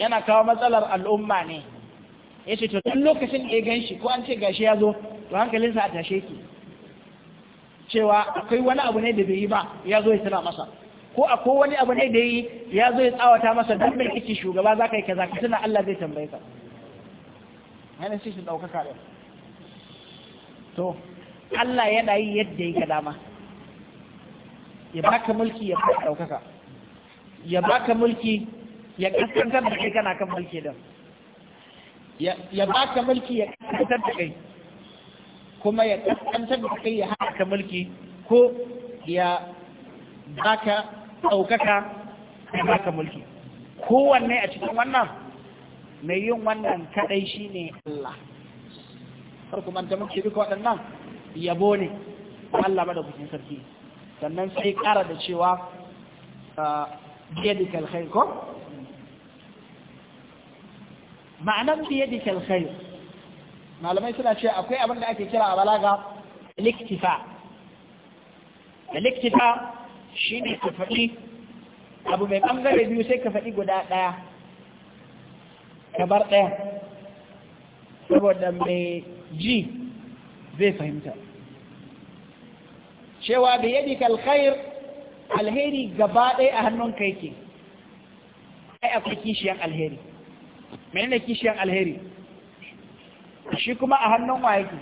yana kawo matsalar al'umma ne ya ce to tun lokacin da ya gan shi ko an ce gashi ya zo to hankalinsa a tashe ki cewa akwai wani abu ne da bai yi ba ya zo ya tana masa ko a ko wani abu ne da yi ya zo ya tsawata masa don mai kike shugaba za ka yi kaza ka tuna Allah zai tambaye ka yana su ɗaukaka ɗin to Allah ya yi yadda ya ga dama ya baka mulki ya baka ɗaukaka ya baka mulki ya kaskantar da kai kana kan mulki din ya baka mulki ya kaskantar da kai kuma ya kaskantar da kai ya haka mulki ko ya baka ɗaukaka ya baka mulki kowanne a cikin wannan mai yin wannan kadai shine Allah kar kuma ta muke duka waɗannan yabo ne Allah ba da kusin sarki sannan sai ƙara da cewa biyadi khair ko ma'anar biyadi khair malamai suna ce akwai abin da ake kira a balaga liktifa da liktifa shine ka faɗi abu mai ɓangare biyu sai ka faɗi guda ɗaya kamar ɗaya saboda mai ji zai fahimta cewa da yadda kalkhair alheri gaba ɗaya a hannun kai ke ai akwai kishiyan alheri ne kishiyan alheri shi kuma a hannun wa yake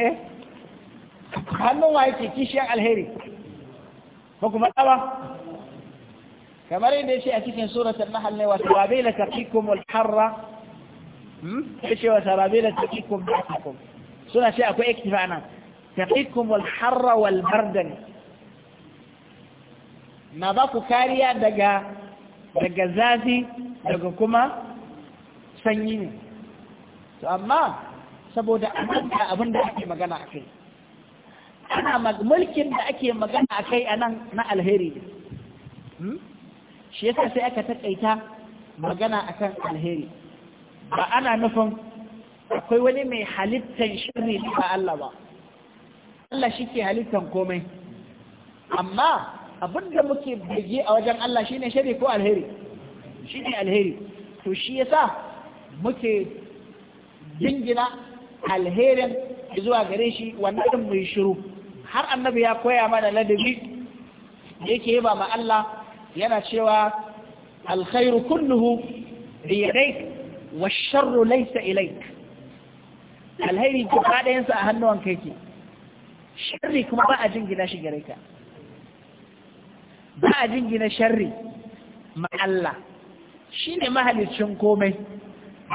eh? hannun wa yake kishiyan alheri ko kuma tsawa kamar yadda yace a cikin suratul nahl ne wa tarabila taqikum al-harra hmm? yace wa tarabila taqikum ba'akum suna ce akwai iktifa nan taqikum al-harra wal-bardan na ba ku kariya daga daga zafi daga kuma sanyi ne to amma saboda ake magana a kai ana mulkin da ake magana a kai a nan na alheri ne hmm? shi yasa sai aka takaita magana akan alheri ba ana nufin akwai wani mai halittan shirri ba Allah ba Allah shi ke halittar komai amma abin da muke bege a wajen Allah ne shirri ko alheri ne alheri to shi yasa muke gingina alherin zuwa gare shi wannan mai shiru har annabi ya koya mana ladabi yake ba ma Allah yana cewa alkhairu kulluhu biyadai wa sharru laysa ilayk alkhairi gaba ɗayansa a hannuwanka yake sharri kuma ba a jingina shi gare ka ba a jingina sharri ma Allah shine mahaliccin komai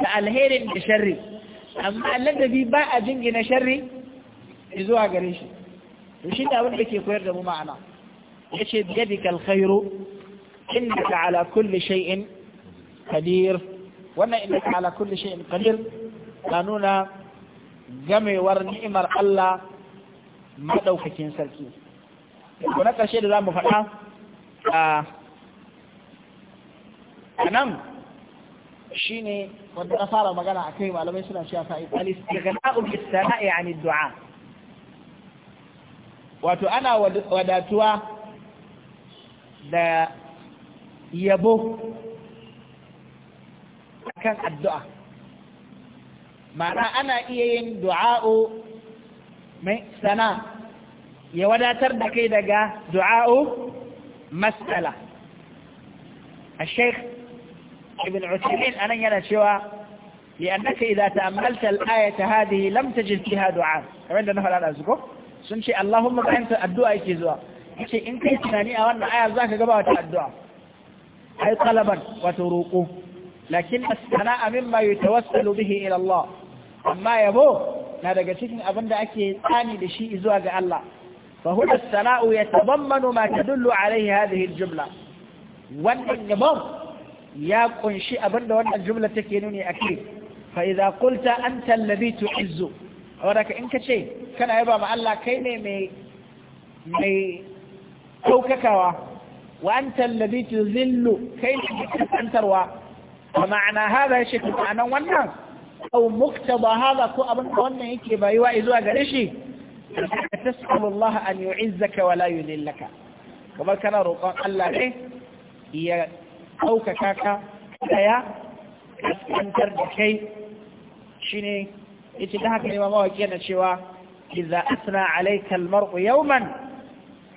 da alherin da sharri amma ladabi ba a jingina sharri zuwa gare shi to shi ne abin da ke koyar da mu ma'ana yace biyadika alkhairu innaka ala kulli shay'in qadir wannan ala kulli shay'in qadir na nuna gamewar ni'imar Allah madaukakin sarki ko na karshe da zamu faɗa a shine wanda na fara magana a kai malamai suna cewa fa'id al-istighna'u bis-sana'i 'ani dua wato ana wadatuwa da yabo akan addu'a ma'ana ana iya yin du'a'o mai sana ya wadatar da kai daga du'a'o matsala a sheikh ibn usulin anan yana cewa لأنك إذا تأملت الآية هذه لم تجد فيها دعاء عند نفر على أزكو سنشي اللهم بحنت الدعاء كيزوا يشي إن كنت ناني أولنا آية ذاك قبعة الدعاء ai talaban wato roƙo lakin as-sana'a mimma yatawassalu bihi ila Allah amma yabo na daga cikin abin da ake tsani da shi izuwa ga Allah fa huwa as-sana'u yatadammanu ma tadullu alayhi hadhihi al-jumla wannan yabon ya ƙunshi abin da wannan jumla take nuni akai fa an qulta anta izo. tu'izzu wadaka in ka kace kana yaba ma Allah kai ne mai mai kaukakawa وأنت الذي تذل كيف أن تروى ومعنى هذا يشكل معنى والناس أو مقتضى هذا كو أبن وانا يكي بايوا إذو أقرشي تسأل الله أن يعزك ولا يذلك كما كان رقاق الله إيه هي أوك كاكا كايا أسكنتر بكي شيني اتدهك لما ما وكينا شوا إذا أثنى عليك المرء يوما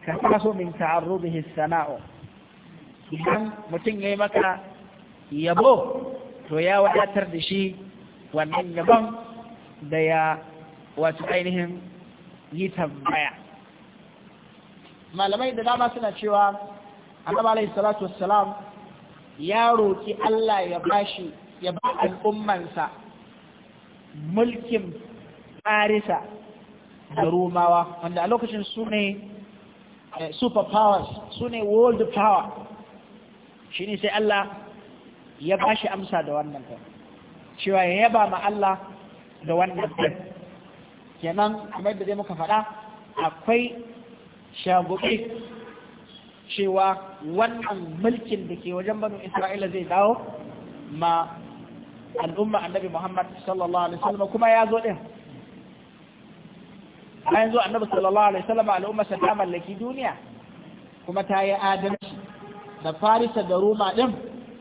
كفاس من تعرضه الثناء idan mutum ya yi maka yabo to ya wadatar da shi wannan yabon da ya wato ainihin yi tambaya malamai da dama suna cewa annabi alaihi salatu wassalam ya roƙi Allah ya bashi ya ba al'ummansa mulkin farisa da rumawa wanda a lokacin su ne eh, super powers su ne world power shi ne sai Allah ya ba shi amsa da wannan kan cewa ya yaba ma Allah da wannan kan kenan kamar da zai muka faɗa akwai shagobe cewa wannan mulkin da ke wajen banu Isra'ila zai dawo ma al'umma annabi Muhammad sallallahu alaihi wasallam kuma ya zo ɗin. bayan zo annabi sallallahu alaihi wasallam al'umma sa ta mallaki duniya kuma ta yi adalci da farisa da roma ɗin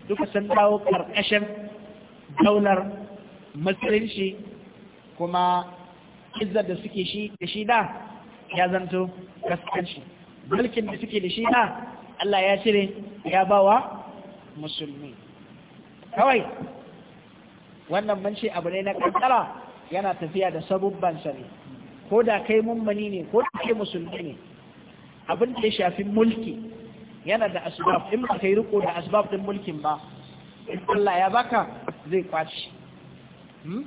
duka sun dawo ƙarƙashin daular musulunci kuma izzar da suke da shi da ya zanto kaskanci mulkin da suke da shi da Allah ya cire ya bawa musulmi kawai wannan manci abu ne na kankara yana tafiya da sabubban ne ko da kai mummani ne ko da kai musulmi ne abin da ya shafi mulki yana da asbab in ba kai riko da asbab din mulkin ba in Allah ya baka zai kwaci hmm?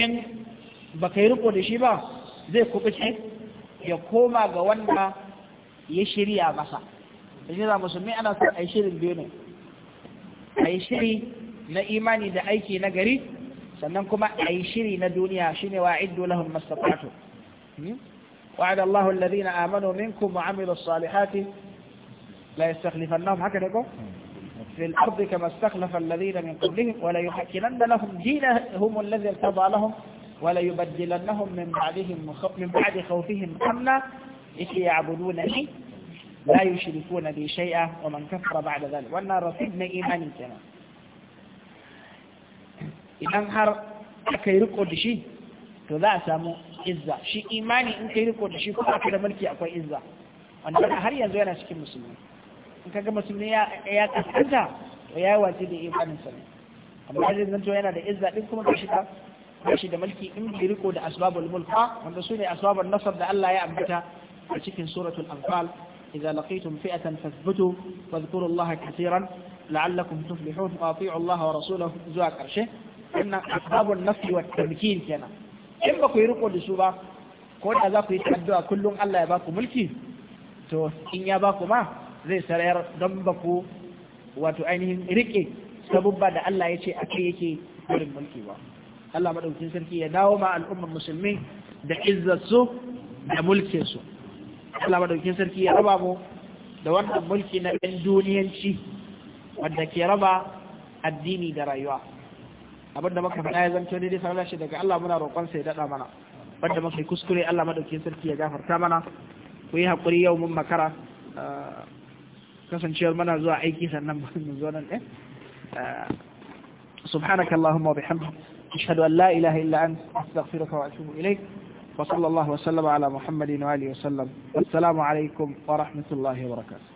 in ba kai riko da shi ba zai kubuce ya koma ga wanda ya shirya masa shi za musulmi ana son a yi shirin biyu ne a yi shiri na imani da aiki na gari sannan kuma a yi shiri na duniya shine wa iddu lahum mastata'tu hmm? wa'ada Allahu alladhina amanu minkum wa amilus salihati لا يستخلفنهم هكذا يقول في الأرض كما استخلف الذين من قبلهم ولا يحكمن لهم دينهم الذي ارتضى لهم ولا يبدلنهم من بعدهم من بعد خوفهم أمنا إذ يعبدونني لا يشركون بي شيئا ومن كفر بعد ذلك وانا رصدنا إيماني كما إذن هر أكي ركو دشي تذا سامو إزا شي إيماني إن ركو دشي كما أكي ملكي أكوي إزا وانا هر ينزوينا سكي مسلمين kaga musulmi ya ya kaskanta to yayi wace da imanin sa amma zai zanto yana da izza din kuma da shiga da shi da mulki in bi riko da asbabul mulka wanda sune da Allah ya ambata a cikin suratul anfal idza laqitum fi'atan fathbutu wadhkuru Allah katiran la'allakum tuflihun wa ati'u Allah wa rasulahu zuwa karshe inna asbabun nafi wat tamkin kenan in ba ku yi riko da su ba ko da za ku yi ta'addu'a kullum Allah ya ba ku mulki to in ya ba ku ma zai sarayar don ba ku wato ainihin riƙe sabubba da Allah ya ce a kai yake wurin mulki ba Allah maɗaukin sarki ya dawo ma al'ummar musulmi da izzarsu da mulkinsu Allah maɗaukin sarki ya raba mu da wannan mulki na ɗan duniyanci wanda ke raba addini da rayuwa da muka faɗa ya zanto daidai sanar shi daga Allah muna roƙonsa ya daɗa mana wanda muka yi kuskure Allah maɗaukin sarki ya gafarta mana ku yi haƙuri yau mun makara kasancewar mana zuwa aiki sannan mu zo nan ɗin eh, subhanaka allahumma wa bihamdika ashhadu an la ilaha illa anta astaghfiruka wa atubu ilaik wa sallallahu wa sallama ala muhammadin wa alihi wa sallam assalamu alaikum wa rahmatullahi wa barakatuh